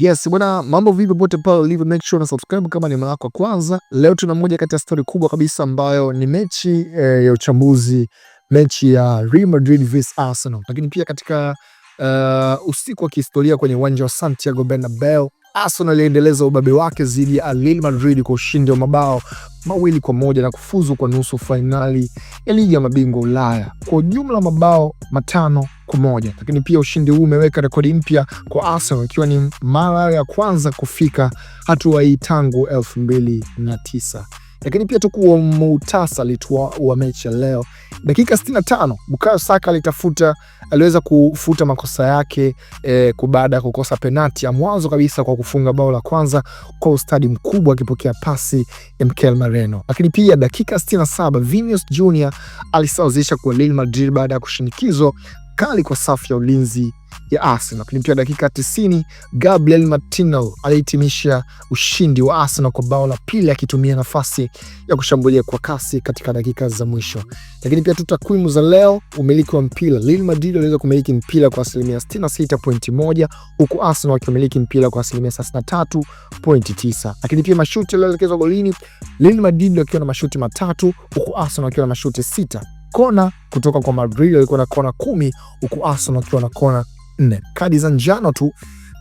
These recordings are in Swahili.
Yes bwana, mambo vipi popote pale ulivyo, make sure una subscribe kama ni mara yako kwanza. Leo tuna moja kati ya stori kubwa kabisa ambayo ni mechi eh, ya uchambuzi, mechi ya Real Madrid vs Arsenal, lakini pia katika uh, usiku wa kihistoria kwenye uwanja wa Santiago Bernabeu, Arsenal iliendeleza ubabe wake dhidi ya Real Madrid kwa ushindi wa mabao mawili kwa moja na kufuzu kwa nusu fainali ya ligi ya mabingwa Ulaya kwa ujumla mabao matano siku moja. Lakini pia ushindi huu umeweka rekodi mpya kwa Arsenal ikiwa ni mara ya kwanza kufika hatua hii tangu 2009. Lakini pia tukuwa muhtasari tu wa mechi ya leo, dakika 65 Bukayo Saka alitafuta aliweza kufuta makosa yake eh, baada ya kukosa penati ya mwanzo kabisa kwa kufunga bao la kwanza kwa ustadi mkubwa akipokea pasi ya Mikel Mareno. Lakini pia dakika 67 Vinicius Junior alisawazisha kwa Real Madrid baada ya kushinikizwa kali kwa safu ya ulinzi ya Arsenal. Lakini pia dakika 90 Gabriel Martinelli alihitimisha ushindi wa Arsenal kwa bao la pili akitumia nafasi ya kushambulia kwa kasi katika dakika za mwisho. Lakini pia tu takwimu za leo, umiliki wa mpira, Real Madrid waliweza kumiliki mpira kwa asilimia 66.1 huku Arsenal wakimiliki mpira kwa asilimia 63.9. Lakini pia mashuti yaliyoelekezwa golini, Real Madrid wakiwa na mashuti matatu huku Arsenal wakiwa na mashuti sita kona kutoka kwa Madrid, walikuwa na kona kumi huku Arsenal wakiwa na kona nne. Kadi za njano tu,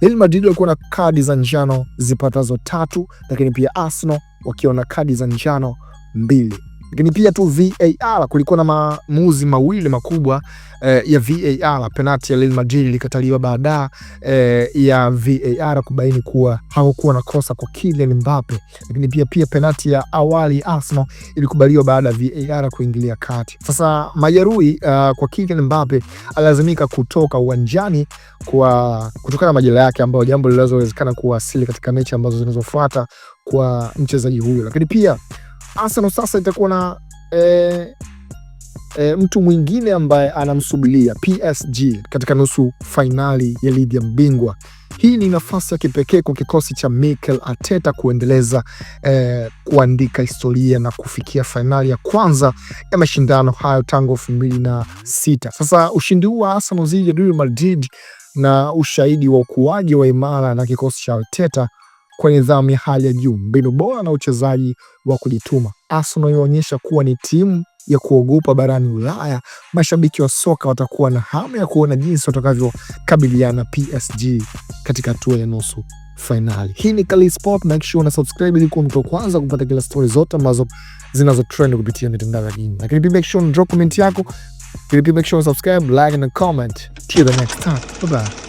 Real Madrid walikuwa na kadi za njano zipatazo tatu, lakini pia Arsenal wakiwa na kadi za njano mbili. Lakini pia tu VAR kulikuwa na maamuzi mawili makubwa eh, ya VAR. Penati ya Real Madrid ilikataliwa baada eh, ya VAR kubaini kuwa hakukuwa na kosa kwa Kylian Mbappe, lakini pia pia penati ya awali Arsenal ilikubaliwa baada ya VAR kuingilia kati. Sasa majeruhi uh, kwa Kylian Mbappe alilazimika kutoka uwanjani kwa kutokana na majeraha yake, ambayo jambo linalowezekana kuwa asili katika mechi ambazo zinazofuata kwa mchezaji huyo, lakini pia Arsenal sasa itakuwa na eh, eh, mtu mwingine ambaye anamsubiria PSG katika nusu fainali ya ligi ya mabingwa. Hii ni nafasi ya kipekee kwa kikosi cha Mikel Arteta kuendeleza eh, kuandika historia na kufikia fainali ya kwanza ya mashindano hayo tangu elfu mbili na sita. Sasa ushindi huu wa Arsenal dhidi ya Real Madrid na ushahidi wa ukuaji wa imara na kikosi cha Arteta kwa nidhamu ya hali ya juu, mbinu bora na uchezaji wa kujituma. Arsenal imeonyesha kuwa ni timu ya kuogopa barani Ulaya. Mashabiki wa soka watakuwa na hamu ya kuona jinsi watakavyokabiliana PSG katika hatua ya nusu fainali. Hii ni Kali Sport, make sure una subscribe ili kuwa mtu wa kwanza kupata kila stori zote ambazo zinazo trend kupitia mitandao ya kijamii, lakini pia make sure una drop comment yako, lakini pia make sure una subscribe, like na comment. Till the next time, bye bye.